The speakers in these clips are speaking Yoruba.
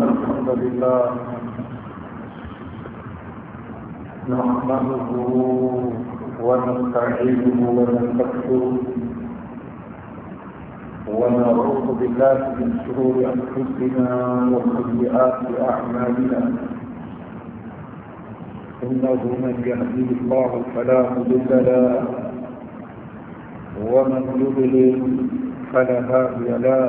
الحمد لله نحمده ونستعينه ونستغفره ونعوذ بالله من شرور انفسنا وسيئات اعمالنا انه من يهديه الله فلا مضل له ومن يضلل فلا هادي له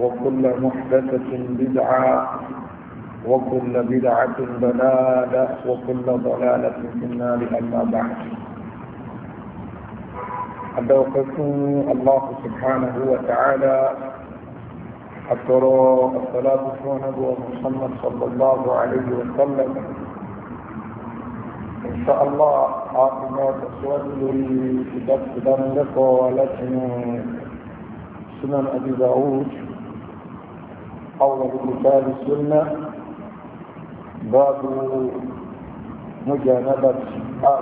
وكل محدثة بدعة وكل بدعة ضلالة وكل ضلالة في النار أما بعد أدوكم الله سبحانه وتعالى أترى الصلاة والسلام محمد صلى الله عليه وسلم إن شاء الله عاقبة تسوأل لكتاب لكم ولكن سنن أبي داود حول كتاب السنة باب مجانبة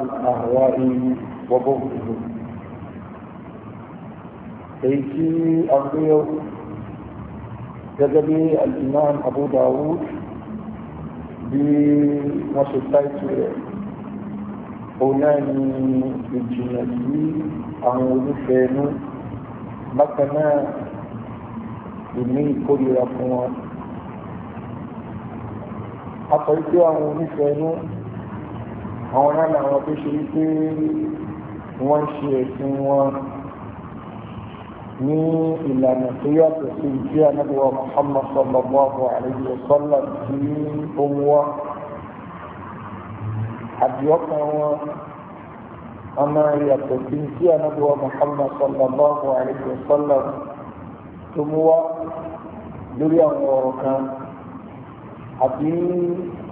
الأهواء وبغضه أيتي أرضيه جذبي الإمام أبو داود بوسطيته أولاني الجنسي عن ولفين مكانا ìní ìkórìíra fún wọn. Akọ̀ ìpé àwọn onífẹ́ inú, àwọn náà làwọn tó ṣe wípé wọ́n ń ṣe ẹ̀sìn wọn ní ìlànà tó yàtọ̀ sí ìdí ànábìwá Muhammad sallallahu alayhi wa sallam tí ó mú wá. Àdìọ́kàn wọn a máa yàtọ̀ sí ìdí ànábìwá Muhammad sallallahu alayhi wa sallam tó mú wá lórí àwọn ọ̀rọ̀ kan àbí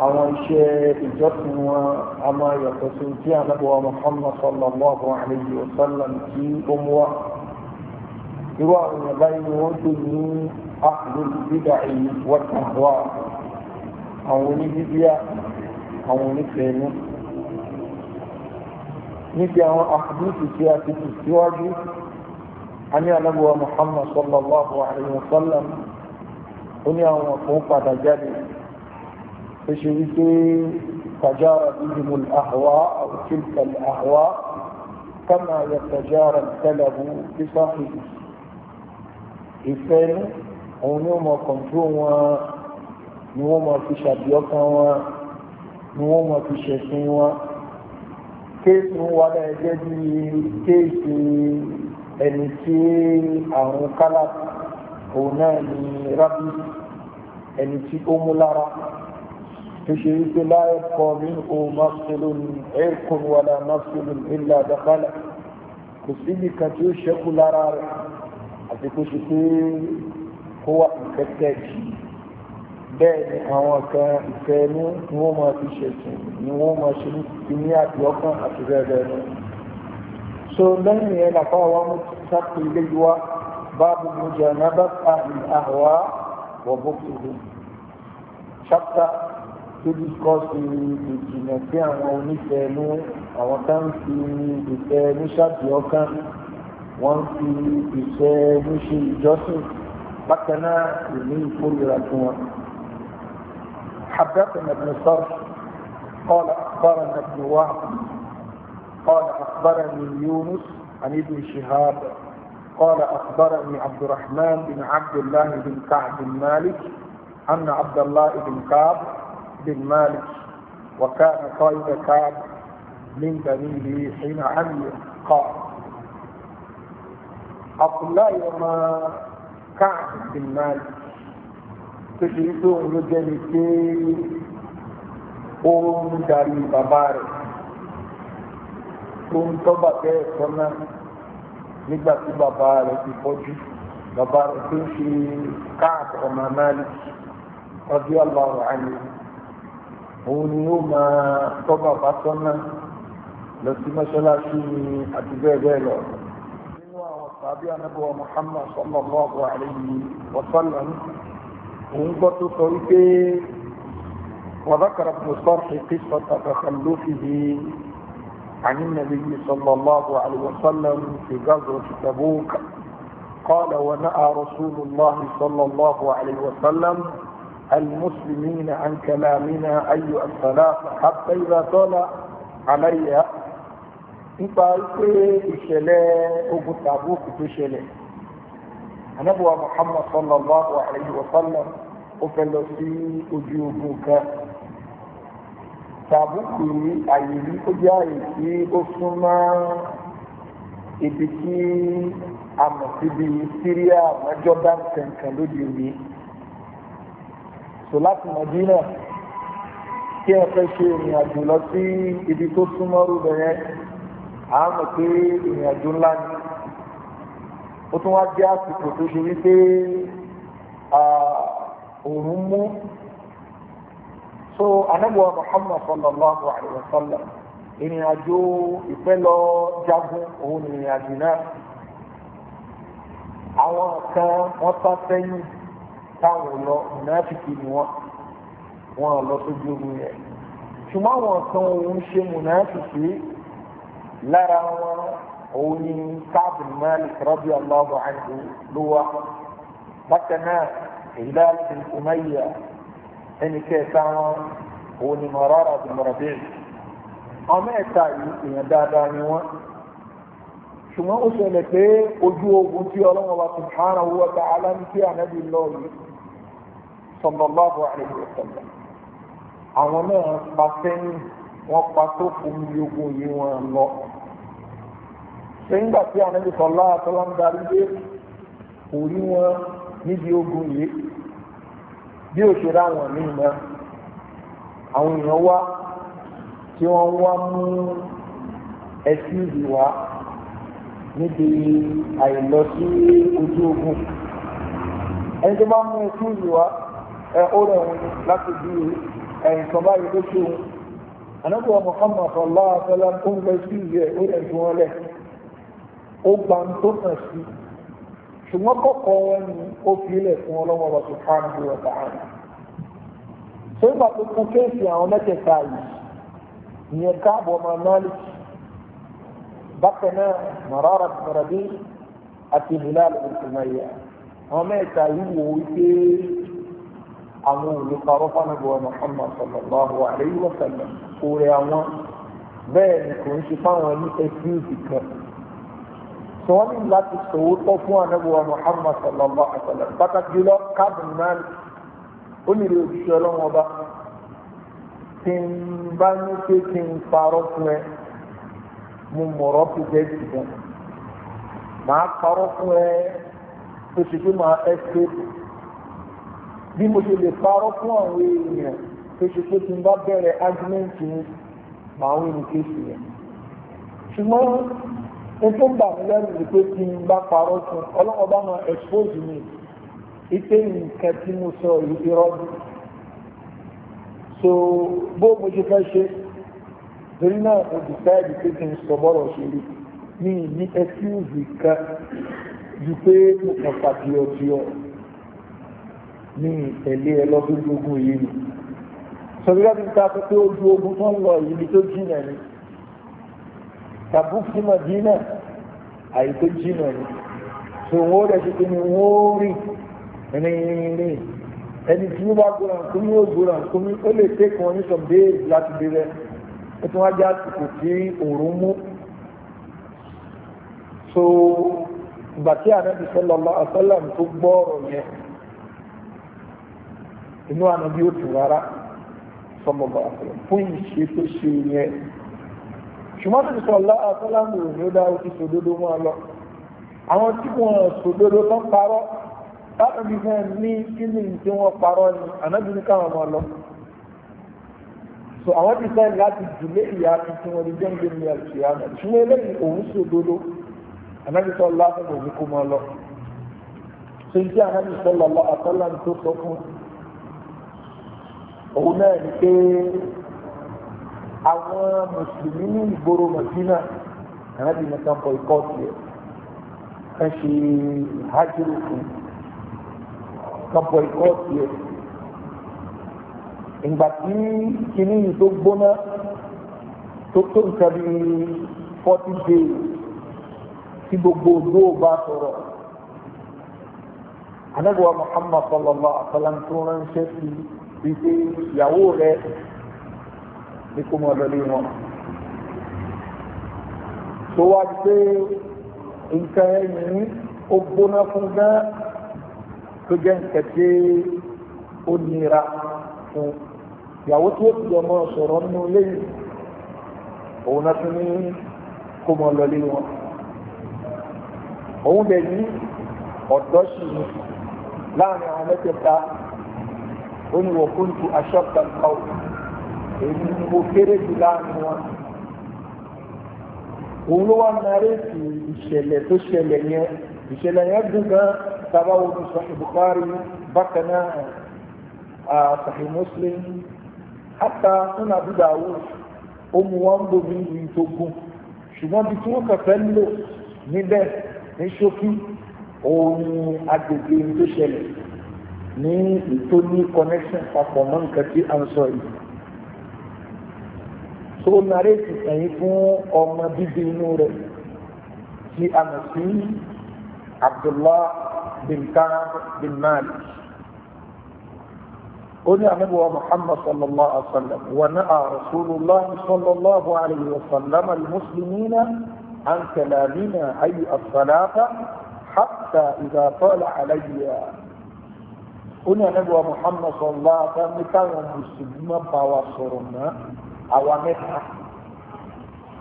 àwọn iṣẹ́ ìjọsìn wọn a máa yàtọ̀ sí tí anábọ̀wá Muhammad sallallahu alayhi wa sallam tí ó mú wá irú àwọn èèyàn báyìí ni wọ́n tó ní àkùrù bídà èyí wọ́tà wá àwọn oníbíbíà àwọn onífẹ̀ẹ́nu níbi àwọn àkùrù tí a ti síwájú àní anábùwà Muhammad sallallahu alayhi wa sallam ó ní àwọn kan padà jáde ó ṣe wípé tajara bíbí àhùwá àwùjọ àhùwá kama yẹ tajara tẹlẹbù bí sáfìdì ìfẹ́ òun ni ó mọ kọ̀ǹtró wọn ni wọ́n mọ fi ṣàbíọ́kan wọn ni wọ́n mọ fi ṣẹ̀sìn wọn kéèsì ń wà láì jẹ́ bí kéèsì ẹni tí àrùn kálá òun náà ni rábì ẹni tí ó mú lára tó ṣe wípé láyé kọ ní o mafsulun ẹ̀kùn wàlá mafsulun illa dakhala kò síbi kan tí ó ṣẹ́kù lára rẹ̀ àti kó ṣe pé kó wà ìfẹ́kẹ́ jì bẹ́ẹ̀ ni àwọn kan ìfẹ́ ní wọ́n máa fi ṣẹ̀sìn ni wọ́n máa ṣe ní àti ọkàn àti bẹ́ẹ̀ bẹ́ẹ̀ náà so lẹ́yìn yẹn làpá wa mú sáàpù ilé wa báàbù mujẹ nábà àmì àwa wọ bókìlì chapter to discuss ìjìnà sí àwọn onífẹ̀ẹ́nu àwọn tá ń fi ìfẹ́ẹ́nu ṣáàbì ọkàn wọ́n fi ìfẹ́ẹ́nu ṣe ìjọsìn bákan náà ìní ìkórìíra fún wọn. حدثنا ابن صرف قال اخبرنا ابن وهب قال أخبرني يونس عن ابن شهاب قال أخبرني عبد الرحمن بن عبد الله بن كعب بن مالك أن عبد الله بن كعب بن مالك وكان قائد طيب كعب من بنيه حين عمي قال عبد الله وما كعب بن مالك تجدون رجلتين قوم داري ببارك tó ń tọ́gbà tẹ́ ẹ̀kọ́ náà nígbà tí bàbá rẹ̀ ti bọ́jú bàbá rẹ̀ tó ń ṣe káàkiri ọmọ náà ọdún aláwọ̀ àyè òun ni ó máa tọ́gbà bá sọ́nà lọ sí mọ́ṣáláṣí ni àti bẹ́ẹ̀ bẹ́ẹ̀ lọ. nínú àwọn tàbí anábọ̀ Muhammad sallallahu alayhi wa sallam òun gbọ́ tó sọ wípé wàbákàrà mùsọ̀rọ̀ ìpísọ̀ tàbí عن النبي صلى الله عليه وسلم في غزوة تبوك قال ونأى رسول الله صلى الله عليه وسلم المسلمين عن كلامنا أي الثلاثة حتى إذا طلع علي nípa pé ìṣẹ̀lẹ̀ ogun tàbúkù tó ṣẹlẹ̀ anábùwà muhammad sallallahu alayhi wa sallam ó tàbùkù àyè yìí ó jẹ́ àyè tí ó súnmọ́ ibi tí a mọ̀ síbi síríà mọ́jọ́dá kankan lóde òní. sọ láti Mọ̀dínà kí ẹ fẹ́ ṣe ìrìn àjò lọ sí ibi tó súnmọ́ rúbẹ̀ yẹn à ń mọ̀ pé ìrìn àjò ńlá ni ó tún wá jẹ́ àsìkò tó ṣe wípé òun mú so anabuwa muhammad sallallahu alaihi wa sallam ìrìn àjò ìfẹ́ lọ jagun òun ni ìrìn àjò náà àwọn kan wọ́n sá sẹ́yìn táwọn lọ mùnáfìkì ni wọ́n wọ́n lọ sójú ogun yẹn ṣùgbọ́n àwọn kan òun ṣe mùnáfìkì lára wọn òun ni káàbù malik radiyallahu anhu ló wá bákan náà ìlà ìsìnkú ẹni kẹta wọn òun ni Marara bin Rabi' ọmọ ẹ̀ta yìí dáadáa ni wọn ṣùgbọ́n ó ṣẹlẹ̀ pé ojú ogun tí ọlọ́run wa subhanahu wa ta'ala ní kí ànábì lọ àwọn náà pa sẹ́yìn wọ́n pa tó fún mi ogun yìí lọ sẹ́yìn gbà tí ànábì sallallahu alaihi wa darí dé kò rí wọn níbi bí ó ṣe ráwọn míì mọ́ àwọn èèyàn wá tí wọ́n wá mú ẹsíìdì wá níbi àìlọ sí ojú ogun ẹni tó bá mú ẹsíìdì wá ẹ ó rẹ̀ wọn láti bí ẹ̀yìn kan báyìí ló ṣe wọn anábọ̀ Muhammad sallallahu alaihi wasallam tó ń lọ sí ìyẹ́ ó rẹ̀ ju wọn lẹ̀ ó gba tó kàn sí i ṣùgbọ́n kọ́kọ́ wọn ni ó fi ilẹ̀ fún ọlọ́wọ́ ọba tó fáwọn bí wọ́n dáa rẹ̀. tó ìgbà tó kún kéèsì àwọn mẹ́tẹ̀ẹ̀ta yìí ìyẹn káàbọ̀ ọmọ nọ́ọ̀lìkì bákan náà mọ̀rọ́rọ̀ mọ̀rọ̀dé àti Hilal olùsùnmáyà àwọn mẹ́ta yìí wò wípé àwọn olùkọ́rọ́ fánàbọ̀ Muhammad sallallahu alayhi wa sallam kórè àwọn bẹ́ẹ̀ ni kò ń ṣe fáwọn ní ẹ̀sìn sọ́wọ́n ní láti sòwòtọ́ fún anábọ̀wá Muhammad sallallahu alaihi wa sallam pàtàkì jùlọ káàbù náàlì ó nílò òṣìṣẹ́ ọlọ́wọ́n ọba tí ń bá ní pé kí n parọ́ fún ẹ mo mọ̀rọ́ fi jẹ́ ìdìbọn màá parọ́ fún ẹ tó ṣe pé màá ẹ́ ṣe bí mo ṣe lè parọ́ fún àwọn èèyàn tó ṣe pé tí n bá bẹ̀rẹ̀ ágúmẹ́ǹtì màá wí ní kéṣì yẹn ṣùgbọ́n tó ń bà mí lẹ́nu ni pé kí n bá parọ́ fún ọlọ́wọ́ bá máa expose mi ipe nǹkan tí mo sọ irọ́ mi so bó mo ṣe fẹ́ ṣe torí náà mo decide pé kí n sọ bọ́rọ̀ ṣe rí mi ní excuse kan ju pé mo kàn fà tiọ̀tiọ̀ ní ìtẹ̀lé ẹ lọ́dún lógún yìí ni sọ bí wọ́n ti ta pé ojú ogun tó ń lọ yìí ni tó jìnà ni. Tabuk sí Madina àyè tó jìnà ni tó wọ́n rẹ̀ ṣe pé ni wọ́n rí rìnrìn ẹni tí ó bá gbóra nkúmi ó gbóra nkúmi ó lè tẹ́kùn ní some days láti dé rẹ̀ ó tún wá já àsìkò tí òórùn mú so ìgbà tí ànábi sallallahu alaihi wasallam tó gbọ́ ọ̀rọ̀ yẹn inú ànábi ó tù rárá sallallahu alaihi wasallam fún ìṣe tó ṣe yẹn ṣùgbọ́n tó ti sọ láàtọ́lámù ló dá ó ti sòdodo wọn lọ àwọn tí wọn sòdodo tó ń parọ́ látàbí fún ní kíni tí wọ́n parọ́ ni ànábì káwọn máa lọ so àwọn ti sẹ́yìn láti dùlé ìyá mi tí wọ́n di jẹ́ ń gbé mi àti ìyá mi ṣùgbọ́n eléyìí òun sòdodo ànábì sọ láàtọ̀ òun kó máa lọ ṣe ń jẹ́ ànábì sọ àtọ́lámù tó sọ fún òun náà ní pé àwọn mùsùlùmí ní ìgboro Madina ànábì nìkan kọ ikọ́ tiẹ̀ ẹ ṣe ìhájúrò fún kan kọ ikọ́ tiẹ̀ ìgbà tí kinní yìí tó gbóná tó tó nǹkan bí forty days tí gbogbo odó bá sọ̀rọ̀ ànábì Muhammad sallallahu alaihi wa sallam tó ránṣẹ́ sí wípé ìyàwó rẹ̀ ní kó mọ́ lọlé wọn tó wá di pé nǹkan ẹ̀yìn ó gbóná fún gán tó jẹ́ nǹkan tí ó nira fún ìyàwó tí ó ti jọ mọ́ sọ̀rọ̀ nínú lẹ́yìn òun náà tún ní kó mọ́ lọlé wọn òun dẹ̀ ní ọ̀dọ́ sì ní láàrin àwọn mẹ́tẹ̀ẹ̀ta ó ní wọ̀ fún tu aṣọ́ta káwọn èmi ni mo kéré jù láàrin wọn òun ló wá nàrètì ìṣẹ̀lẹ̀ tó ṣẹlẹ̀ yẹn ìṣẹ̀lẹ̀ yẹn dùn gan sábà wo ní Sahih bákan náà Sahih Muslim hatta nínú Abu Dawud ó mu wọn ń bomi ìlú tó gùn ṣùgbọ́n bí tí wọ́n kẹfẹ́ ń lò níbẹ̀ ní ṣókí òun agbègbè tó ṣẹlẹ̀ ní ìtòní connection papọ̀ mọ́ nǹkan tí a ń sọ yìí tó nàrètì ẹ̀yìn fún ọmọ bíbí inú rẹ̀ tí a mọ̀ sí Abdullah bin Ka'b bin Malik ó ní àmẹ́bùwà Muhammad sallallahu alaihi wa sallam wà ní a Rasulullah sallallahu alaihi wa sallam al-muslimina an kalamina ayu as-salata hatta idha tala alayya ó ní àmẹ́bùwà Muhammad sallallahu alaihi wa sallam ní káwọn mùsùlùmí bá wa sọ̀rọ̀ náà àwa mẹ́ta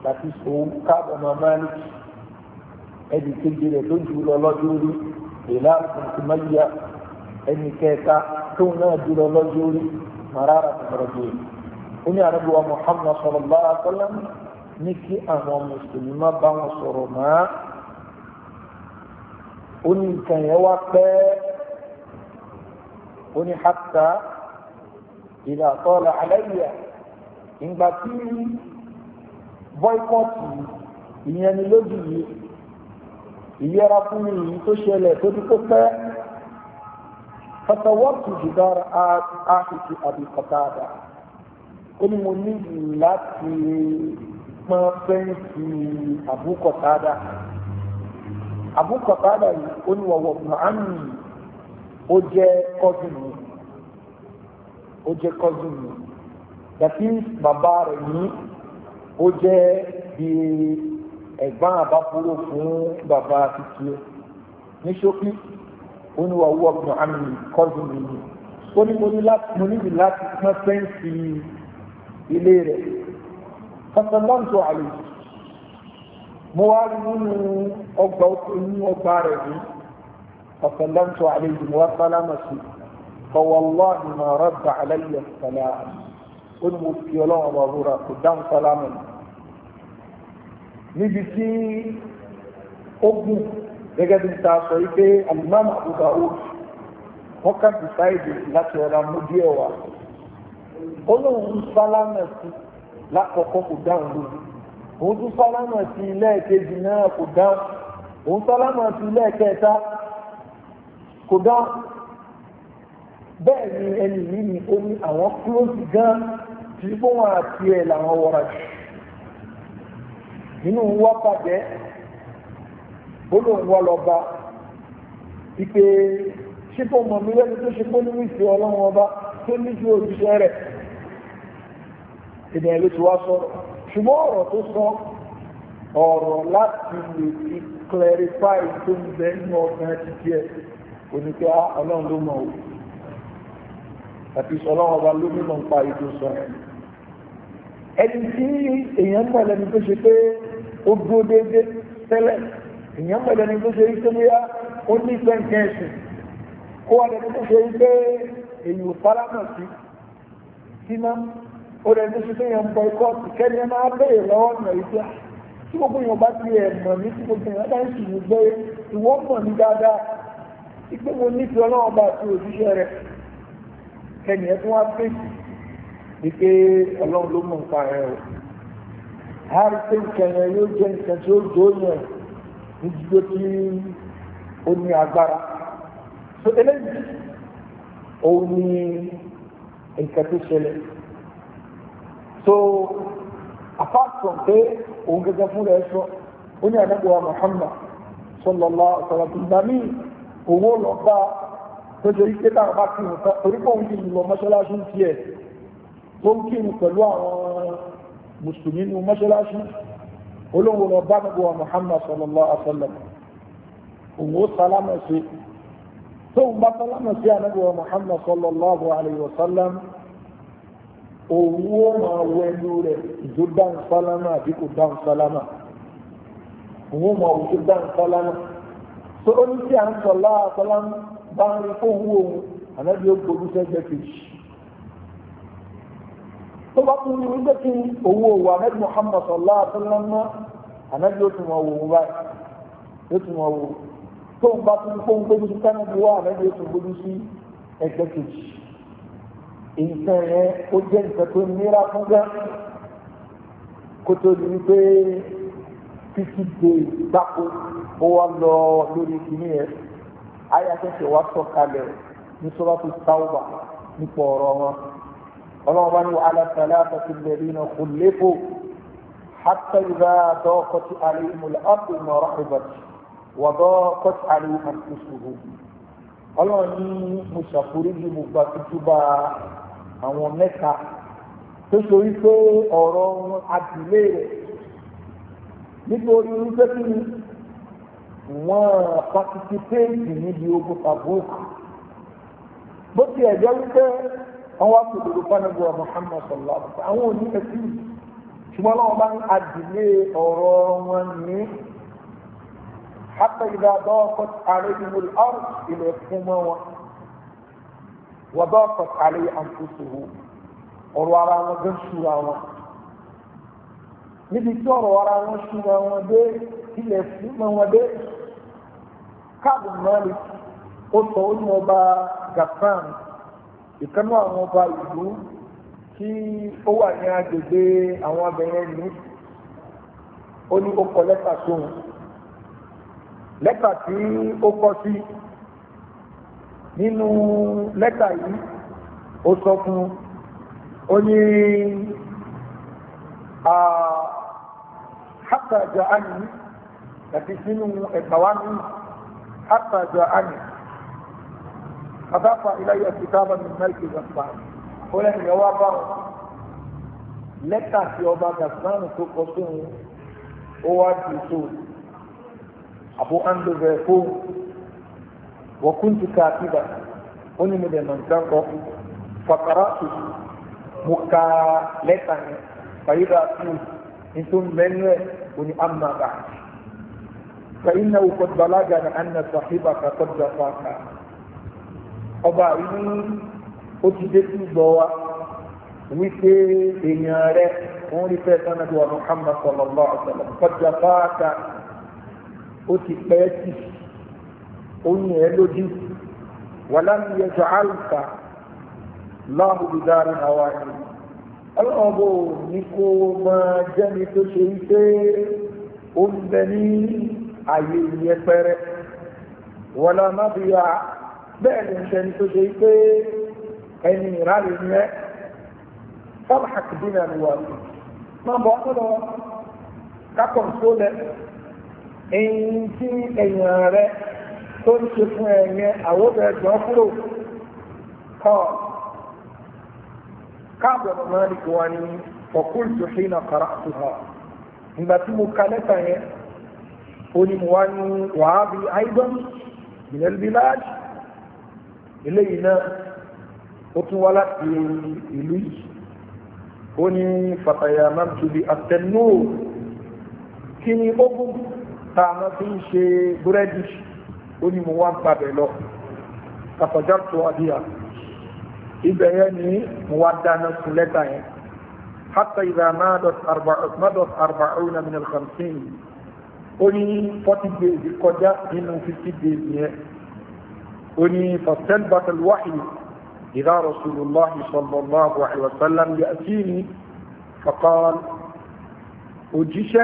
láti òun káàbọ̀ máa máa ní ẹni kejì rẹ̀ tó jù lọ lọ́jọ́ orí ìlà ìtìmáyà ẹni kẹta tó náà jù lọ lọ́jọ́ orí màrárà tọ̀rọ̀dọ̀ yìí. ó ní àrẹ́bù wa Muhammad sallallahu alaihi wasallam ní kí àwọn mùsùlùmí má bá wọn sọ̀rọ̀ máa ó ní nǹkan yẹn wá pẹ́ ó ní hatta ìlà tọ́lá aláìyá ìgbà tí bọ́ìkọ́tì ìyẹnilójú yìí ìyẹra fún yìí tó ṣẹlẹ̀ tó dúpọ̀ pẹ́ fatawọ́tù jìdára áfíìsì àbíkọ̀tàdà ó ní mo ní láti pọn fẹ́ǹsì àbúkọ̀tàdà àbúkọ̀tàdà yìí ó ní wọ̀wọ̀ màánù ó jẹ́ kọ́sìn mi ó jẹ́ kọ́sìn mi dàbí bàbá rẹ̀ ní ó jẹ́ bí ẹ̀gbọ́n àbáfúró fún bàbá títí ẹ̀ ní ṣókí ó ní wàhúwà ọ̀gbìn àmì kọ́sùn mi ni ó ní mo níbi láti pọ́n fẹ́ǹsì ilé rẹ̀ fọ́sọ̀lọ́ǹtò àlè mo wá rí nínú ọgbà inú ọgbà rẹ̀ ní fọ́sọ̀lọ́ǹtò àlè mo wá sálámà sí fọwọ́lọ́ ìmọ̀ rọ́bà àlẹ́ yẹ̀ sẹ́lẹ̀ ó ní mo fi ọlọ́run ọba búra kò dáhùn sálámù níbi tí ó gùn gẹ́gẹ́ bí ta sọ wípé alimami Abu Dawud wọ́n kàn dìsáìdì láti ọ̀rọ̀ amúdí ẹ̀ wá ó lóun sálámù sí lákọ̀ọ́kọ́ kò dáhùn lójú òun tún sálámù sí lẹ́ẹ̀kejì náà kò dáhùn òun sálámù sí lẹ́ẹ̀kẹta kò dáhùn bẹ́ẹ̀ ni ẹni yìí ni ó ní àwọn kúlóòsì gan-an tí gbóhùn àti ẹ̀ làwọn wọ̀ra jù nínú wọ́n pàdé olóhùn wọ́n lọ bá ipe ṣípò mọ̀mí lẹ́nu tó ṣe pọ́n nínú ìfẹ́ ọlọ́run ọba tó ní ju òṣìṣẹ́ rẹ̀ ènìyàn ló ti wá sọ̀rọ̀ ṣùgbọ́n ọ̀rọ̀ tó sọ ọ̀rọ̀ láti lè fi clarify tó ń bẹ nínú ọkàn ti tiẹ̀ oníkẹ́ ah, ọlọ́run ló mọ̀ ọ́ àti ìṣọ̀lọ́run ọba ló mímọ̀ nípa ètò sọ̀rọ̀ ẹni tí èèyàn mọ̀ lẹ́ni tó ṣe pé ó dúró déédéé tẹ́lẹ̀ èèyàn mọ̀ lẹ́ni tó ṣe wípé bóyá ó ní pẹ́ǹkẹ́ ẹ̀sìn kó wà lẹ́ni tó ṣe wípé èyí ò fara mọ̀ sí síná ó lẹ́ni tó ṣe pé èèyàn ikọ́ kẹ́ni ẹ máa bẹ̀rẹ̀ lọ́wọ́ ọ̀nà tí gbogbo èèyàn bá ti ẹ̀ mọ̀ tí gbogbo èèyàn bá ń gbé mọ̀ dáadáa ìgbé mo ọlọ́run wípé ọlọ́run ló mọ̀ nípa rẹ̀ o hàrí pé nǹkan yẹn yóò jẹ́ nǹkan tí ó jó yẹn ní jíjó tí ó ní agbára so eléyìí òun ni nǹkan tó ṣẹlẹ̀ so apart from pé òun gẹ́gẹ́ fún rẹ̀ sọ ó ní àdágbòwà Muhammad sallallahu alaihi wasallam ìgbà míì òun ò lọ bá tó ṣe wípé táwọn bá ti wò tán torí pé òun ti lọ mọ́ṣáláṣí tiẹ̀ tó ń kírun pẹ̀lú àwọn mùsùlùmí nínú mọ́ṣáláṣí olóńgbò lọ bá nàbọ̀ wa Muhammad sallallahu alaihi wa sallam òun ó sálámà sí tóun bá sálámà sí ànábọ̀ wa Muhammad sallallahu alaihi wa sallam òun ó máa wọ ẹnu rẹ̀ ìjó dáhùn sálámà àbí kò dáhùn sálámà òun ó máa wọ dáhùn sálámà tó ó ní sí à ń sọ bá ń rí fóun òun ànábì ó gbójú sẹ́gbẹ́ kejì tó bá kú ní wípé kí owó owó ahmed muhammad sọlá àtúnlọ́mọ ahmed yóò tún wọn wò wọ́n báyìí yóò tún wọn wò tó ń bá tún kó ń gbójú sí kánú bí wọ́n ahmed yóò tún gbójú sí ẹgbẹ́ kejì nǹkan yẹn ó jẹ́ nǹkan tó nira fún gán kó tó di wípé títí de gbáko ó wá lọ lórí kìíní yẹn ayé akẹ́kọ̀ọ́ wa sọ kalẹ̀ ní sọ́wọ́ fi táwọn nípa ọ̀rọ̀ wọn ọlọ́run wa alasalaata ti lẹ́rí iná kò léfò hàtà ìgbà dọ́kọ̀ tí alẹ́ ìmùlẹ̀ ọ̀pọ̀ ìmọ̀ ọ̀rọ̀ wọ́dọ̀ kọ́tí alẹ́ àtúnṣòro ọlọ́run ní mo ṣàforíjì mo gba tuntun àwọn mẹ́ta tó sori pé ọ̀rọ̀ adìlé rẹ̀ nítorí wípé kí ni wọ́n patisipéètì níbi ogun tàbúkù bó tiẹ̀ jẹ́ wípé wọ́n wá pè lórí fánàbù ọmọ Muhammad sọ̀lá ọ̀sán àwọn òní ẹ̀sì ṣùgbọ́n láwọn bá ń adìlé ọ̀rọ̀ wọn ní hapẹ̀ ìdá dọ́ọ̀kọ̀ ààrẹ ìmúlù ọ̀rọ̀ ilẹ̀ fún mọ́ wọn wọ́n dọ́ọ̀kọ̀ ààrẹ àǹfóṣòwò ọ̀rọ̀ ara wọn gẹ́ ṣúra wọn níbi tí ọ̀rọ̀ ara wọn ṣúra wọn dé ilẹ̀ fún mọ́ wọn dé káàbù mọ́lì ó sọ ó ní ọba Gafan ìkánú àwọn ọba ìlú tí ó wà ní agbègbè àwọn abẹ̀yẹn ìlú ó ní ó kọ lẹ́tà sóhun lẹ́tà tí ó kọ sí nínú lẹ́tà yìí ó sọ fún ó ní hátàjà ánì àti sínú ẹ̀gbà wa ní hátàjà ánì. أضاف إلي كتابا من ملك غسان ولن يوابا لك في أبا غسان تقصون هو تسون أبو أندو بيكون وكنت كاتبا هنا من المنطقة فقرأت مكا لك فإذا أقول أنتم من أما بعد فإنه قد بلغنا أن صاحبك قد جفاك ọba yìí ó ti dé sí gbọ́ wa wípé èèyàn rẹ òun rí fẹ́ sanadu wa Muhammad sallallahu alaihi wa sallam kọjá fáata ó ti pẹ́ sí oyin ẹ lójú wàlámi jọ àlùfà láàbù dídára àwa ni ọlọ́ọ̀bù ní kó máa jẹ́ni tó ṣe wípé ó ń bẹ ní àyè yẹpẹrẹ wàlámi yà bẹ́ẹ̀ ni ìṣẹ́ni tó ṣe pé ẹni ìrálẹ̀ ni ẹ́ fọ́nà kìdínà ni wà sí máa bọ̀ ọ́nà kápọ̀ tó lẹ ẹ̀yìn tí ẹ̀yìn rẹ tó ń ṣe fún ẹ̀yẹ àwọ̀bẹ̀ ẹ̀gbọ́n kúrò kọ́ káàbọ̀ mọ́ ní kí wọ́n ní ọ̀kúrò tó ṣe iná kọ́ra àtúhà ìgbà tí mo ka lẹ́tà yẹn ó ní mo wá ní wàhábì aidan ìlẹ́lbíláàjì eléyìí náà ó tún wá láti ìlú yìí ó ní fàtàyà máa ń tóbi àtẹnú kí ni ó bú tá a máa fi ń ṣe búrẹ́dì ó ní mo wá ń gbàbẹ̀ lọ kàtàjà tó adìyà ibẹ̀ yẹn ni mo wá dáná sun lẹ́tà yẹn hátà ìlà mádọ̀t àrùbáàrùn min al-khamsin ó ní forty days kọjá nínú fifty days yẹn. أني فاستلبث الوحي إذا رسول الله صلى الله عليه وسلم يأتيني فقال أجيش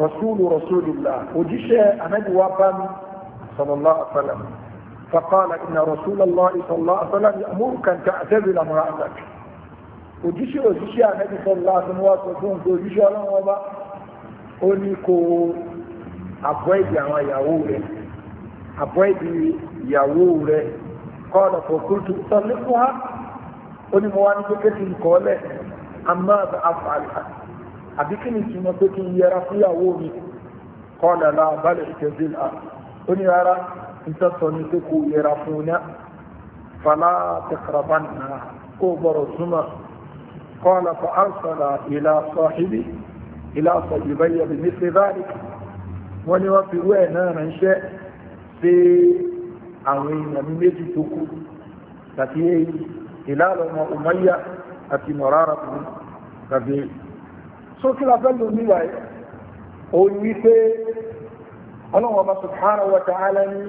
رسول رسول الله أجيش أمد وابا صلى الله عليه وسلم فقال إن رسول الله صلى الله عليه وسلم يأمرك أن تعتزل امرأتك أجيش أجيش أمد صلى الله عليه وسلم أجيش أمد وابا أني كو أبويد يا ويا àbọ̀ìdì ìyàwó rẹ̀ kọ́ọ̀nà fòkúrútù sọlé fún wa ó ní mo wá ní kékeré kí n kọ́ lẹ̀ àmọ́ àfàlà àbí kí ni ìtumọ̀ pé kí n yẹra fún ìyàwó mi kọ́ọ̀nà náà balẹ̀ ìtẹ̀síl à ó ní rárá n tẹ́ sọ ní pé kò yẹra fún un náà fàlà tẹ̀kọ̀rọ̀bá nà kó gbọ́dọ̀ súnmọ́ kọ́ọ̀nà fọ àrùsọ̀là ìlà sọ̀hìbì ìlà sọ̀hìbì bẹ́yẹ̀ bí ní wọ́n ní wọ́n fi rú náà ránṣẹ́ dé àwọn èèyàn mi méjì tó kù tàbí Hilal ọmọ Umayya àti Murara tó tàbí sókè lafẹ́ lómi wáyé òun wípé ọlọ́wọ́ bá subhanahu wa ta'ala ní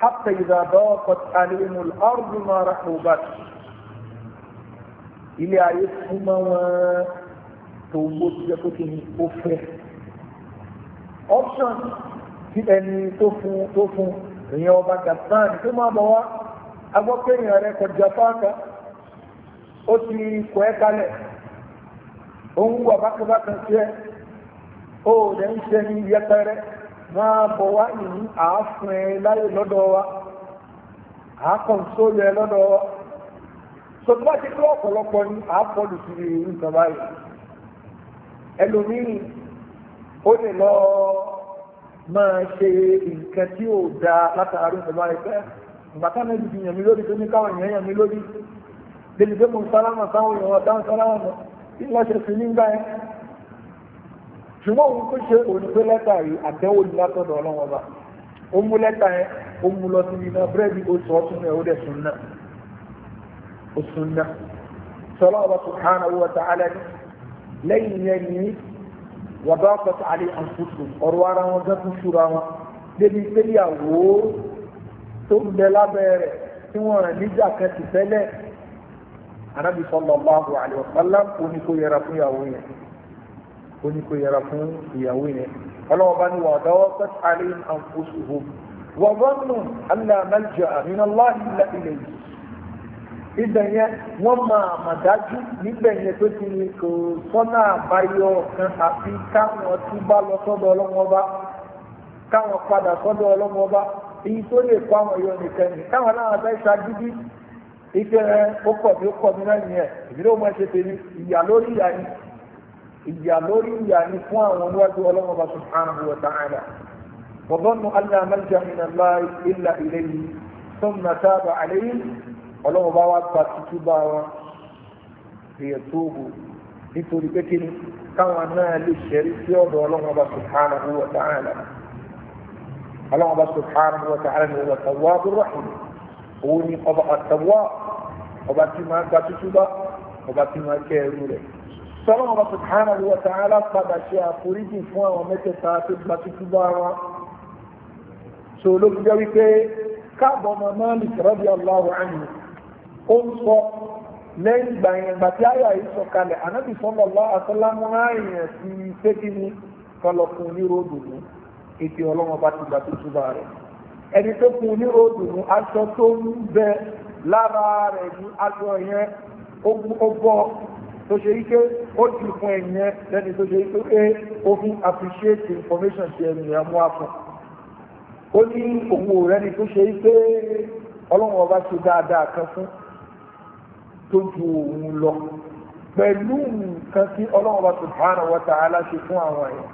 حتى إذا ضاقت عليهم الأرض ما رحبت ilé ayé súnmọ́ wọn tó gbó tó tí ẹni tó fún tó fún èèyàn ọba japan tó máa bọ̀ wá agbọ́pẹ̀yìn rẹ̀ kọ ó ti kọ ẹ́ kalẹ̀ òun wà bákàbákà sí ẹ ó lẹ́ ń ṣe ní yẹpẹrẹ máa bọ̀ wá ìlú àáfin ẹ láyé lọ́dọ̀ wa ẹ lọ́dọ̀ wa ti tó ọ̀pọ̀lọpọ̀ àápọ̀lù sí báyìí ó lè máa ṣe nǹkan tí ó da látàrí ìjọba ẹgbẹ́ bàtà náà ti yàn mí lórí tó ní káwọn èèyàn yàn mí lórí débi pé mo ń sálámà sáwọn èèyàn ọ̀dá ń sálámà mọ́ bí wọ́n ṣe fi nígbà yẹn ṣùgbọ́n òun tó ṣe òní pé lẹ́tà yìí àtẹ́wò ní látọ̀dọ̀ ọlọ́wọ́n ọba ó mú lẹ́tà yẹn ó mú lọ sí iná búrẹ́dì ó sọ ẹ̀ ó dẹ̀ sùn ó sùn náà sọlá ọba subhanahu wa lẹ́yìn yẹn ní wàbá pẹ̀tù àlè àǹfùtù ọ̀rọ̀ ara wọn gán tún ṣúra wọn débi péyàwó tó ń bẹ lábẹ́ rẹ̀ tí wọ́n rẹ̀ níjà kan ti fẹ́lẹ̀ anábì sallallahu alaihi wasallam oní kò yẹra fún ìyàwó yẹn oní kò yẹra fún ìyàwó yẹn ọlọ́wọ́ bá ní wàdá wọ́pẹ́ àlè àǹfùtù wọ́n gbọ́n nù alẹ́ àmàlìjà min Allah illa ilayhi ibẹ̀ yẹn wọ́n máa màdájú níbẹ̀ yẹn tó ti ní kò sọ́nà àbáyọ kan àfi káwọn tún bá lọ sọ́dọ̀ ọlọ́wọ́n káwọn padà sọ́dọ̀ ọlọ́wọ́n èyí tó lè kó àwọn nìkan ní káwọn náà fẹ́ ike rẹ ó kọ̀ mí ó kọ̀ mí náà nìyẹn ìdílé òun ṣe tèmi ìyà lórí ìyà ni ìyà lórí ìyà ni fún àwọn ọlọ́run bá wá ta títí bá wọn èèyàn tó o nítorí pé kí ni káwọn náà lè ṣẹ́rí sí ọ̀dọ̀ ọlọ́run ọba subhanahu wa ta'ala ọlọ́run ọba subhanahu wa ta'ala ni ọba tawwabur rahim òun ni ọba àtàwọ́ ọba tí máa gba títí bá ọba tí máa kẹ́ ẹrú rẹ̀ sọ́lọ́run ọba subhanahu wa ta'ala padà ṣe àforíjì fún àwọn mẹ́tẹ̀ẹ̀ta tó gba títí bá wọn so ló fi jẹ́ wípé káàbọ̀ mọ́ Malik radiyallahu anhu ó sọ lẹ́yìn ìgbà yẹn ìgbà tí àyà yìí sọ kalẹ̀ ànábì sallallahu alaihi wasallam àyàn sí ṣégi ni oníròdù mú ètò ọlọ́wọ́n bá ti gbà tó túbà rẹ̀ ẹni tó oníròdù mú aṣọ tó ń bẹ lára rẹ̀ ní aṣọ yẹn ó bọ́ tó ike ó ti fún lẹ́ni tó ṣe ike information ti mú ó ní òun ò rẹ́ni tó ṣe ike tó ju òun lọ pẹ̀lú nǹkan tí ọlọ́run bá subhanahu wa ta'ala ṣe fún àwọn èèyàn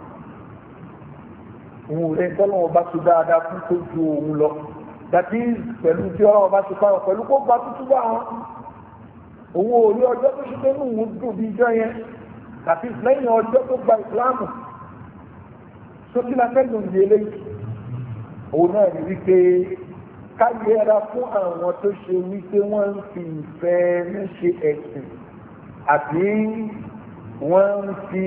òun rẹ̀ tọ́lọ́run bá ṣe dáadáa fún tó ju òun lọ dàbí pẹ̀lú tí ọlọ́run bá ṣe fáwọn pẹ̀lú kó gba tuntun bá wọn òun ò rí ọjọ́ tó ṣe ní òun dùn bí ijọ́ yẹn àti lẹ́yìn ọjọ́ tó gba ìsìláàmù sókè la fẹ́ eléyìí òun náà rí wípé ká yẹra fún àwọn tó ṣe wípé wọ́n ń fi ìfẹ́ ṣe ẹ̀sìn àbí wọ́n ń fi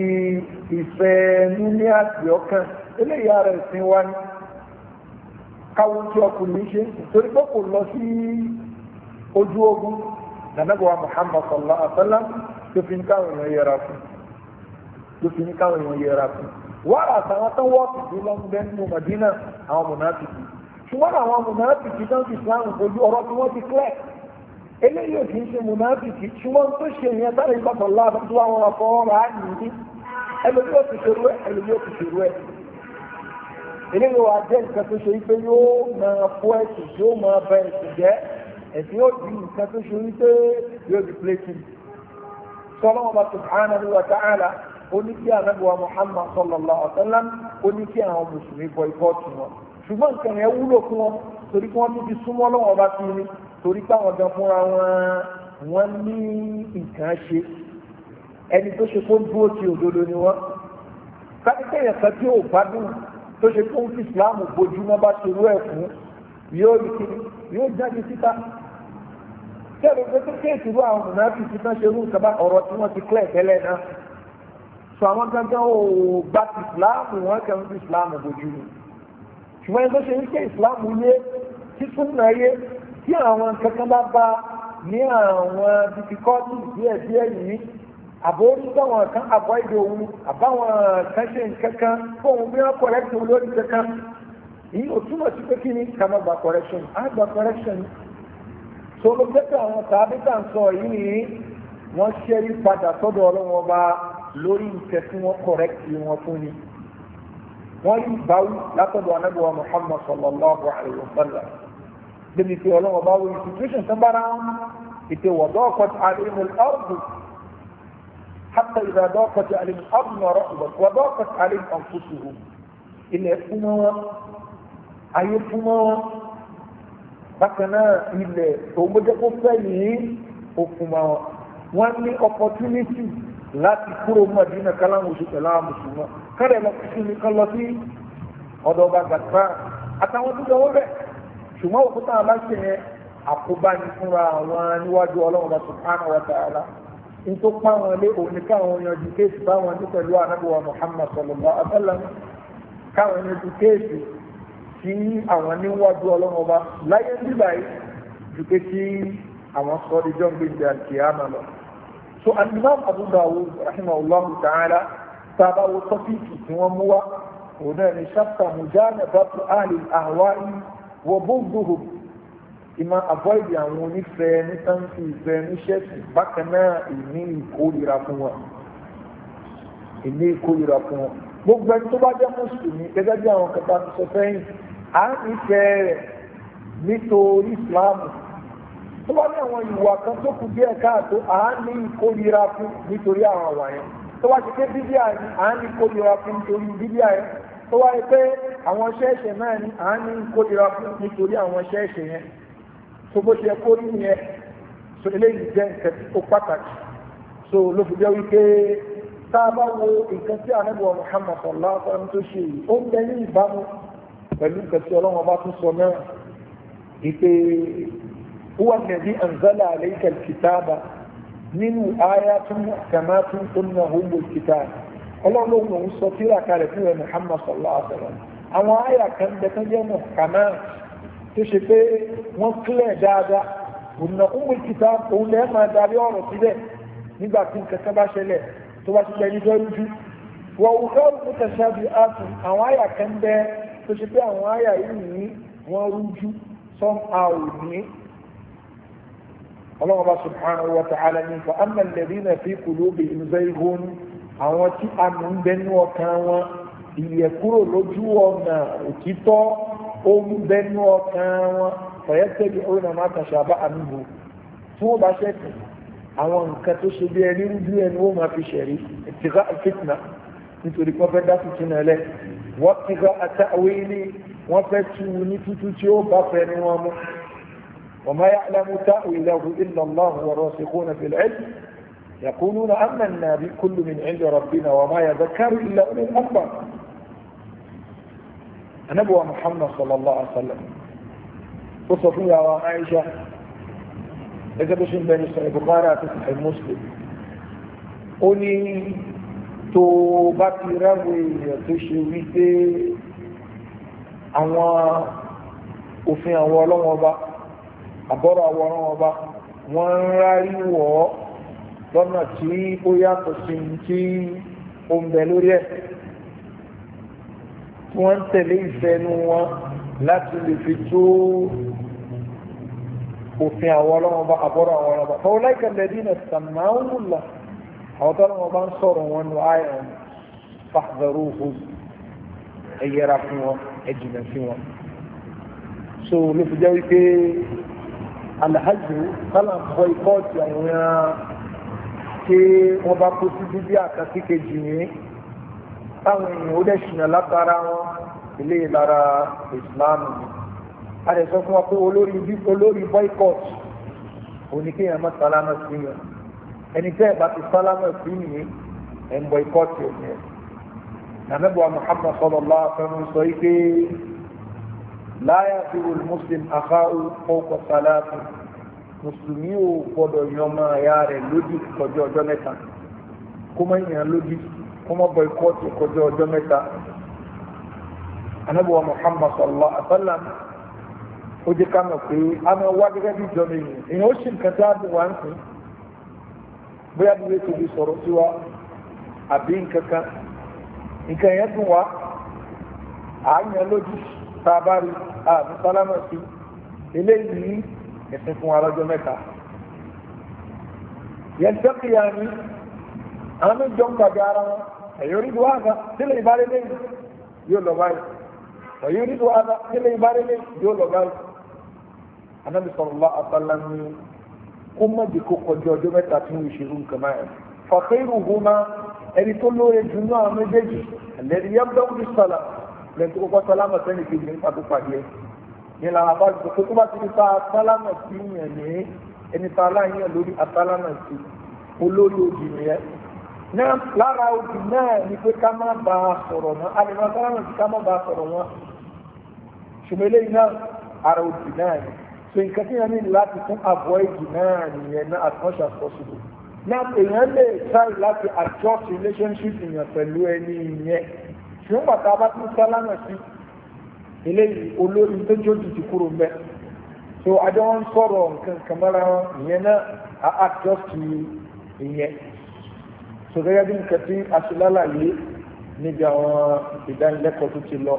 ìfẹ́ nílé àti ọkàn eléyìí ara ẹ̀sìn wa ni káwọn tí ọkùnrin ṣe torí pé kò lọ sí ojú ogun nànàbọ̀wá Muhammad sallallahu alaihi wa sallam tó fi ń káwọn èèyàn yẹra fún tó fi ń káwọn èèyàn yẹra fún wàhálà àtàwọn tó wọ́ọ̀tù jùlọ ń nínú Madina àwọn mọ̀nà ti dùn ṣùgbọ́n àwọn mùnàfìkì tó ń fi islam ojú ọ̀rọ̀ tí wọ́n ti clear eléyìí ò kì í ṣe mùnàfìkì ṣùgbọ́n tó ṣe ìyẹn sáré ìgbàtọ̀ láàbùdó àwọn afọwọ́ra nìyí ẹlòmí ò ti ṣerú ẹ ẹlòmí ò ti ṣerú ẹ eléyìí wà jẹ́ nǹkan tó ṣe wípé yóò máa fọ́ ẹ̀sìn yóò máa bẹ ẹ̀sìn jẹ́ ẹ̀sìn yóò di nǹkan tó ṣe wípé yóò di plẹ́tìn sọlọ́wọ́n bá subhanahu wa ta'ala ó ní kí ànábì ṣùgbọ́n nǹkan yẹn wúlò fún wọn torí pé wọ́n tún ti súnmọ́ lọ́wọ́ ọba sí ni torí pé àwọn gan fúnra wọn wọ́n ní nǹkan ṣe ẹni tó ṣe fún dúró ti òdodo ni wọ́n kápẹ́tẹ́ yẹn kan tí ò bá dùn tó ṣe fún Islam bójúmọ́ bá ṣe rú ẹ̀ fún yóò rí kiri yóò jáde síta sẹ́ẹ̀rù pé tó kéèsì rú àwọn mùnàfíìsì náà ṣe rú nǹkan bá ọ̀rọ̀ tí wọ́n ti kílẹ̀ tẹ́lẹ̀ náà sọ àwọn gangan ò bá Islam wọ́n kẹ́ ń fi Islam bójú ni ṣùgbọ́n ẹgbẹ́ ṣe ń pé ìsìláàmù yé tí súnmọ́ yé tí àwọn kankan bá bá ní àwọn difficulty díẹ̀ díẹ̀ yìí àbò ní táwọn kan avoid òun àbáwọn kan ṣe nǹkankan fóun bí wọ́n correct òun lórí kankan yìí ò túmọ̀ sí pé kí ni ká má gba correction á gba correction tó ló jẹ́ pé àwọn tàbí tà ń sọ yìí ni wọ́n ṣẹ́rí padà sọ́dọ̀ ọlọ́wọ́n ọba lórí ìtẹ̀sí wọn correct wọn fún ni wọ́n yí báwú látọ̀dọ̀ anábíwá muhammad sallallahu alayhi wa sallam débi pé ọlọ́wọ́ báwú institution tó bára wọn ètò wọ̀ dọ́ọ̀kọ̀t àlẹ́mú ọ̀rùn hàtà ìdá dọ́ọ̀kọ̀t àlẹ́mú ọ̀rùn ọ̀rọ̀ wọ̀ dọ́ọ̀kọ̀t àlẹ́mú ọ̀fùsùrù ilẹ̀ fún wọn ayé fún wọn bákan náà ilẹ̀ ògbójẹ́kó fẹ́ yìí òfin ma wọn ní opportunity láti kúrò mọ́ àdínà kálámù oṣù pẹ̀lú kọ́dẹ̀ lọ sí mi kọ́ lọ sí ọ̀dọ̀ ọba gbàgbà àtàwọn tó jọ wọ́n bẹ̀ ṣùgbọ́n òkúta aláṣẹ yẹn àkóbá ní fúnra àwọn níwájú ọlọ́run ọba subhanahu wa ta'ala nítorí pa àwọn ilé òun ní káwọn yanjú kéèsì báwọn ní pẹ̀lú anábìwá muhammad sallallahu alaihi káwọn yanjú kéèsì àwọn níwájú ọlọ́run láyé yìí ju pé kí àwọn so abu dawud tàbá wo tọ́pìkì tí wọ́n mú wá òun náà ní ṣáfà mùjáàmù bàtú àlè àwárí wọ bóńdòhò ìmọ̀ àbọ̀ìdì àwọn onífẹ̀ẹ́ ní sáǹtì ìfẹ́ ní ṣẹ́sì bákan náà ìní ìkórira fún wọn ìní ìkórira fún wọn gbogbo ẹni tó bá jẹ́ mùsùlùmí gẹ́gẹ́ bí àwọn kẹta ti sọ fẹ́yìn à ń nífẹ̀ẹ́ rẹ̀ nítorí ìsìláàmù tó bá ní àwọn ìwà kan tó kù díẹ̀ káàtó à ń ní ìkórira fún nítorí àwọn àwàyàn tó wá ti pé bíbíà ni à ń ní kórìíra fún nítorí bíbíà yẹn tó wáyé pé àwọn ṣẹ́ẹ̀ṣẹ̀ náà ni à ń ní kórìíra fún nítorí àwọn ṣẹ́ẹ̀ṣẹ̀ yẹn tó bó ṣe kó rí yẹn so eléyìí jẹ́ nǹkan tí ó pàtàkì so ló fi jẹ́ wípé tá a bá wo nǹkan tí anábọ̀ Muhammad sallallahu alaihi tó ṣe yìí ó ń bẹ ní ìbámu pẹ̀lú nǹkan tí ọlọ́run ọba tún sọ náà ìpè huwa alladhi anzala alayka nínú ayatun kamatun tunna humul kitab ọlọ́run ló ń sọ tíra kalẹ̀ fún ẹ̀ muhammad sallallahu alaihi wa sallam àwọn àyà kan bẹ tó jẹ́ mọ̀ kàmá tó ṣe pé wọ́n kílẹ̀ dáadáa ònà umul kitab òun lẹ́ẹ̀ máa darí ọ̀rọ̀ síbẹ̀ nígbà tí nǹkan bá ṣẹlẹ̀ tó bá ti jẹ́ ní dọ́rújú wọ́n ò kọ́ ọ́ tẹ̀síájú àtún àwọn àyà kan bẹ tó ṣe pé àwọn àyà yìí ní wọ́n rújú somehow ní ọlọ́wọ́ba subhanahu wa ta'ala ní fa amma alladhina fi qulubihim zayghun àwọn tí a mú ń bẹnu ọkàn wọn ìyẹ̀ kúrò lójú ọ̀nà òtítọ́ ó mú bẹnu ọkàn wọn fayattabi'una ma tashabaha minhu tí wọ́n bá ṣẹ̀kù àwọn nǹkan tó ṣe bí ẹni rújú ẹni wọ́n máa fi ṣẹ̀rí ìtìgá fitna nítorí wọ́n fẹ́ dá tuntun náà lẹ̀ wọ́n ti gba àtàwé ní wọ́n fẹ́ tu ní tútú tí ó bá fẹ́ ni wọ́n mú وما يعلم تأويله إلا الله والراسخون في العلم يقولون أمنا بكل من عند ربنا وما يذكر إلا أولي الأكبر النبوة محمد صلى الله عليه وسلم قصة وعائشة إذا بشن بين البخاري تصحيح مسلم قولي tó bá روي تشويتي أما tó ṣe wípé àbọ̀rọ̀ àwòrán ọba wọ́n ń rárí wọ̀ ọ́ lọ́nà tí ó yàtọ̀ sí tí ó ń bẹ lórí ẹ̀ tí wọ́n ń tẹ̀lé ìfẹ́nu wọn láti lè fi tó òfin àwọn ọlọ́mọba àbọ̀rọ̀ àwọn ọlọ́mọba fọwọ́ láìka lẹ́dí náà sàmáwùlà àwọn tọ́lọ́mọba ń sọ̀rọ̀ wọn nù ayọ̀ fàdàrú òhùn ẹ̀yẹra fún wọn ẹ̀jìnà sí wọn so ló fi jẹ́ wípé alhaji sálà boycott àwọn tí wọ́n bá kó sí bíbí àkàtì kejì yìí táwọn èèyàn ó dẹ̀ ṣìnà látara wọn ilé ìlara ìsìláàmù ni a lè sọ fún wa pé olórí olórí boycott oníkéèyàn mọ́ sálámà sí yẹn ẹni tẹ́ ẹ̀ bá ti sálámà sí yìí ẹ̀ ń boycott yẹn. nàmẹ́bùwà Muhammad sallallahu alaihi sọ yìí pé láyà tí wọ́n muslim àkáwù fọ́kọ̀ sàlátì mùsùlùmí ò gbọ́dọ̀ yan ọmọ ẹ̀yà rẹ̀ lódì kọjá ọjọ́ mẹ́ta kó má yàn lódì kó má bọ̀ ikọ́ tó kọjá ọjọ́ mẹ́ta anabuwa muhammad sallallahu alaihi wa sallam ó jẹ́ ká mọ̀ pé a máa wá gẹ́gẹ́ bí ìjọba èèyàn èèyàn ó ṣì ń kẹta àbí wá ń sìn bóyá bí wọ́n ti sọ̀rọ̀ sí wa àbí nǹkan kan nǹkan yẹn tún wá àá yàn lódì tàbárí àbí sálámà sí eléyìí ẹ̀sìn fún alọ́jọ́ mẹ́ta yẹn tẹ́kìyà ni àwọn méjọ ń pàdé ara wọn ẹ̀yọ́ rí wá àgbà sílẹ̀ ìbárẹ́ lẹ́yìn yóò lọ báyìí ẹ̀yọ́ rí wá àgbà sílẹ̀ ìbárẹ́ lẹ́yìn yóò lọ báyìí anábì sọ̀rọ̀lá àtàlà ní kó má di kó kọjú ọjọ́ mẹ́ta tí wọ́n ṣerú nǹkan máa yẹn fàfẹ́ ìrù ẹni tó lóore jù náà méjèèjì àlẹ́ lẹ́yìn tó kọ́kọ́ sálámọ̀ sẹ́ni kejì nípa tó pàdé ẹ̀ ní làwọn àbá ti sọ tó bá ti di pa sálámọ̀ sí yàn ní ẹni tá a láyàn lórí asálámọ̀ sí olórí òdì nìyẹn náà lára òdì náà ni pé ká má ba sọ̀rọ̀ wọn àlejò asálámọ̀ sí ká má ba sọ̀rọ̀ wọn ṣùgbọ́n eléyìí náà ara òdì náà ni so nǹkan tí yẹn ní láti tún avoid náà nìyẹn náà as much náà èèyàn lè try láti adjust relationship yẹn pẹ̀lú ẹni yẹn ṣùgbọ́n bàtà bá tún sálámà sí eléyìí olórí tó jójú ti kúrò mbẹ so àjọ wọn sọ̀rọ̀ nǹkan kàmárà wọn ìyẹn náà a àjọsí ìyẹn so gẹ́gẹ́ bí nǹkan tí aṣọlálà yìí níbi àwọn ìdánilẹ́kọ̀ọ́ tó ti lọ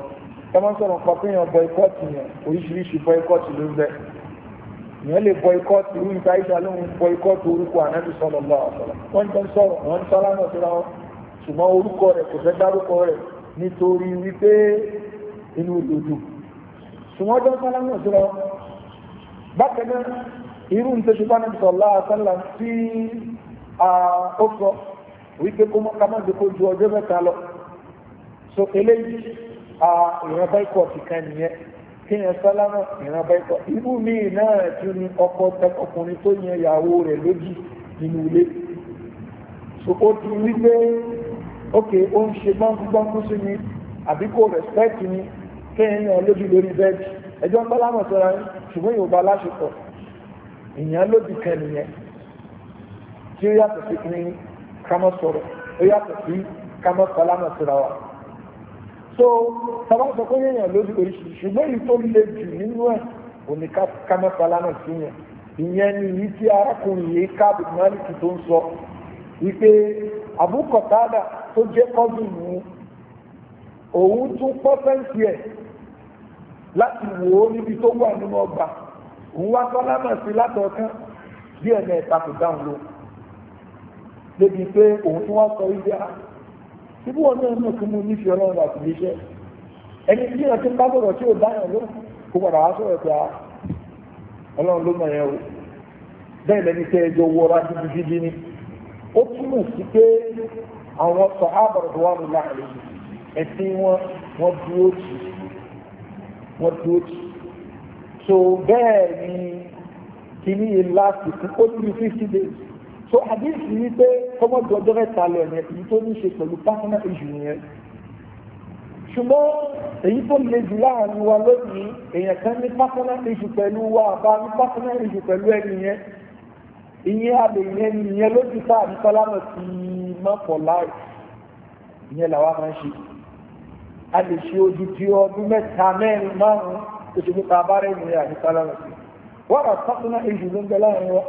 tọ́mọ́ sọ̀rọ̀ pa pé èèyàn bọ́ikọ́ọ̀tì yẹn oríṣiríṣi bọ́ikọ́ọ̀tì ló ń bẹ èèyàn lè bọ́ikọ́ọ̀tì irú nǹkan àìsàn ló ń bọ́ikọ́ọ̀tì orúkọ ànábì sọ̀rọ̀ lọ́wọ́ wọ́n ń sọ̀rọ̀ wọ́n ń sọ̀rọ̀ wọn ṣùgbọ́n orúkọ rẹ̀ kò fẹ́ dárúkọ rẹ̀ nítorí wípé inú òdòdó ṣùgbọ́n ọjọ́ sálámù ìṣúra bákan náà irú ń tẹ́sí bá nàbìsọ̀ láàtàlà tí ó sọ wípé kó mọ́ ká má ju ọjọ́ mẹ́ta lọ so eléyìí ìran báìkọ̀ ti kan nìyẹn kí yẹn sálámù ìran ni ọkọ ọkùnrin tó yẹn ìyàwó rẹ̀ lójì nínú ilé so ó ti ókè ó ń ṣe gbọ́ngbọ́ngbọ́n sí mi àbí kò respect mi kéèyàn yàn lójú lórí bẹ́ẹ̀dì ẹjọ́ ń bá lámọ̀ sọ́ra ṣùgbọ́n yorùbá láṣepọ̀ ìyàn lódì kan nìyẹn tí ó yàtọ̀ sí ní kámọ́ sọ̀rọ̀ ó yàtọ̀ sí kámọ́ sọ́lámọ̀ sọ́ra wa so tàbá sọ pé yẹn lójú oríṣiríṣi ṣùgbọ́n èyí tó le jù nínú ẹ̀ òní kámọ́ sọ́lámọ̀ sí yẹn ìyẹn ni yìí tí arákùnrin yìí káàbù mọ́lìkì tó ń sọ wípé àbúkọ̀tádà tó jẹ́ kọ́bìnú òun tún pọ́fẹ́ǹsì ẹ̀ láti wò ó níbi tó wà nínú ọgbà òun wá sálámà sí látọ̀ọ́kán bí ẹ̀mí ẹ̀ta kò dáhùn ló débi pé òun tún wá sọ ibi a síbú wọn náà náà tún mú ọlọ́run àti iléeṣẹ́ ẹni tí ti ń bá sọ̀rọ̀ tí ò dáhùn ló kó padà wá sọ̀rọ̀ pé ah, ọlọ́run ló mọ̀ yẹn o bẹ́ẹ̀ ó túmọ̀ sí pé àwọn sọ̀hábà tó wà ní láàrin ẹ̀sìn wọn wọ́n dúró jù wọ́n dúró jù so bẹ́ẹ̀ ni kìíní yìí láti fún ó ní fifty days so àdéhùn yìí pé kọ́mọ́dé ọjọ́ mẹ́ta lọ ẹ̀yẹ èyí tó ní ṣe pẹ̀lú personal issue yẹn ṣùgbọ́n èyí tó le jù láàrin wa lónìí èèyàn kan ní personal issue pẹ̀lú wa àbá ní personal issue pẹ̀lú ẹni yẹn iye àlèyé nìyẹn lójú tá àbí sálámà ti mọ́ for life ìyẹn làwa máa ń ṣe a lè ṣe ojú tí ọdún mẹ́ta mẹ́rin márùn-ún tó ṣe nípa abárẹ́ ìrìn àti sálámà sí wọ́n rà sọ́kùnà èjì ló ń láàrin wọ́n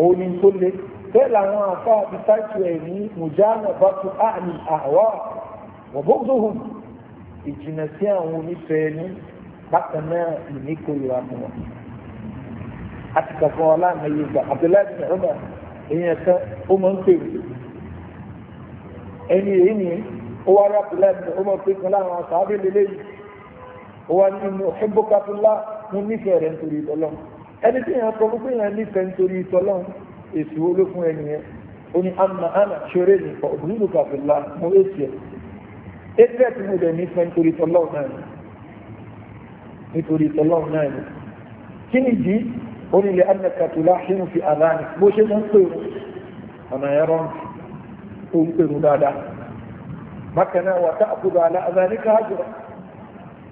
òun ni tó le bẹ́ẹ̀ làwọn afá àti táìtù ẹ̀ ní mùjáàmù bá tún àmì àwa wọ̀bọ́gbọ́hùn ìjìnà sí àwọn onífẹ̀ẹ́ ní bákan náà ìníkòyìrà mọ́ wọn. àti kankan aláàmọye gbà Abdullahi bin Umar èèyàn kan ó máa ń pèrè ẹni èyí ni ó wá rà Abdullahi bin Umar pé kan láwọn àṣà ábẹ́lẹ́lẹ́yìn ó wá nínú ọ̀hẹ́bọ́kátúlá mú nífẹ̀ẹ́ rẹ̀ nítorí ìdọ́lọ́mù ẹni tí yẹn kọ fún yẹn nífẹ̀ẹ́ nítorí ìtọ́lọ́n èsì wo ló fún ẹni yẹn ó ní àmà àmà ṣeré ní ọ̀ òbúrúdù kàfìlà mo èsì ẹ̀ ẹgbẹ́ tí mo dẹ̀ nífẹ̀ẹ́ nítorí ìtọ́lọ́n náà ni nítorí ìtọ́lọ́n náà ni kí ni ìdí ó ní ilẹ̀ àmà kàtúlá ṣínú fi àlá ni bó ṣe máa ń pè wọn ọ̀nà ẹ̀rọ tó ń pè wọn dáadáa bákan náà wà tá àkóbá àlá àzàníkà àjọ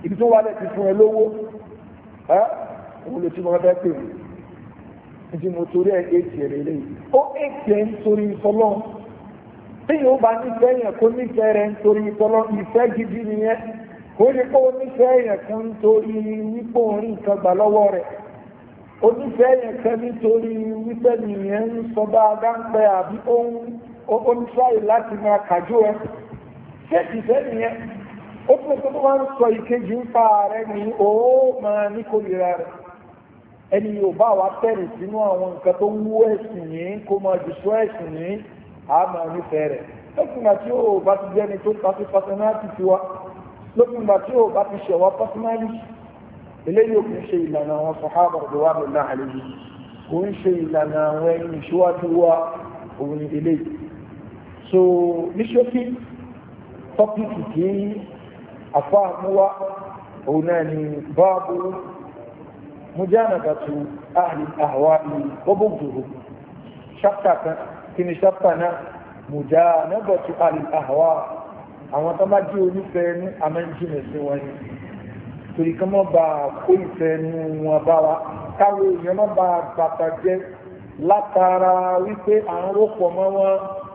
ibi tó wà lẹ́ òun lè tí mo fẹ́ pè mí ìdí mo torí ẹ̀ éèkì rẹ̀ lè ó éèkì ẹ̀ ń torí ìfọlọ́ tí yóò bá nífẹ̀ẹ́ yẹn kó nífẹ̀ẹ́ rẹ̀ ń torí ìfọlọ́ ìfẹ́ gidi nìyẹn kó ní kó nífẹ̀ẹ́ yẹn kan nítorí wípé òun rí nǹkan gbà lọ́wọ́ rẹ̀ onífẹ̀ẹ́ yẹn kan nítorí wípé nìyẹn ń sọ bá a bá ń pẹ́ àbí ohun onífàyè láti máa kàjú ẹ ṣé ìfẹ́ nìyẹn ó tún tó wá ń sọ ìkejì ń pa ààrẹ ni ó máa ní kórìíra rẹ̀ ẹni yóò bá wa tẹ̀rù sínú àwọn nǹkan tó wú ẹ̀sìn yìí kó máa jùsọ ẹ̀sìn yìí a máa nífẹ̀ẹ́ rẹ̀ lókùngbà tí ó bá ti jẹ́ni tó ta sí pásánálì ti wa lókùngbà tí ó bá ti ṣẹ̀wá pásánálì eléyìí kò ń ṣe ìlànà àwọn sàhábà ọ̀dọ̀wà lọ́la àlejò kò ń ṣe ìlànà àwọn ẹni ìṣíwájú wa òun eléyìí so ní ṣókí tọ́pìkì kì í àfáàmúwa òun náà ni báàbù mujanabatu ahli ahwa'i wa bughduhum ṣáptà kan kini ni ṣáptà náà mujanabatu ahli ahwa'i àwọn tó bá jẹ́ onífẹ̀ẹ́ ní amẹ́jìnà sí wọn ni torí kan mọ́ bá kó ìfẹ́ nu wọn bá wa káwọn èèyàn mọ́ bá bàtà jẹ́ látara wípé à ń rọ́pọ̀ mọ́ wọn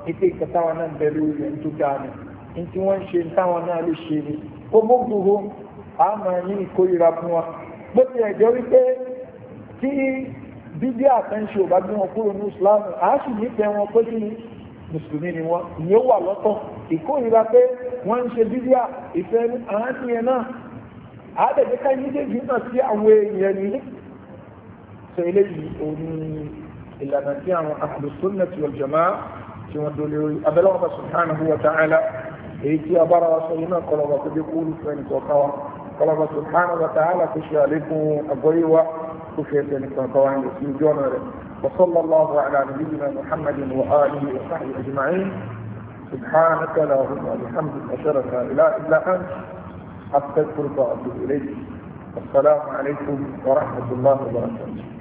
ètò ìkẹtàwọn náà bẹ̀rù rẹ̀ tó dáa ni ní tí wọ́n ń ṣe táwọn náà lè ṣe ni ó gbógbòho àmọ́ yín ìkórira fún wa bó ti ẹ̀jẹ́ wípé tí bíbí àtẹ́ńṣe ò bá gbé wọn kúrò ní ìsìláàmù àá sì nífẹ̀ẹ́ wọn pé kí ni mùsùlùmí ni wọn ìyẹn wà lọ́tọ̀ ìkórìíra pé wọ́n ń ṣe bíbí ìfẹ́ àáńtí yẹn náà àádẹ́jẹ́ ká méjèèjì náà sí àwọn èèyàn ní sọ eléyìí òní ìlànà tí àwọn ahlùsùnnà wal jamaa tí wọ́n dole orí abẹ́lẹ́wọ̀n subhanahu wa ta'ala èyí tí a wa sọ yìí náà kọlọ̀ wà kó dé kúrú fún ẹnì kọ̀ọ̀kan kọlọ́mọ subhana wa ta'ala kò ṣe àlékún àgbọ́yé wa kò ṣe ẹsẹ̀ nìkan kan wá ní ojú ọ̀nà rẹ̀ وصلى الله على نبينا محمد وآله وصحبه أجمعين سبحانك اللهم وبحمدك أشهد أن لا إله إلا أنت أستغفرك وأتوب إليك السلام عليكم ورحمة الله وبركاته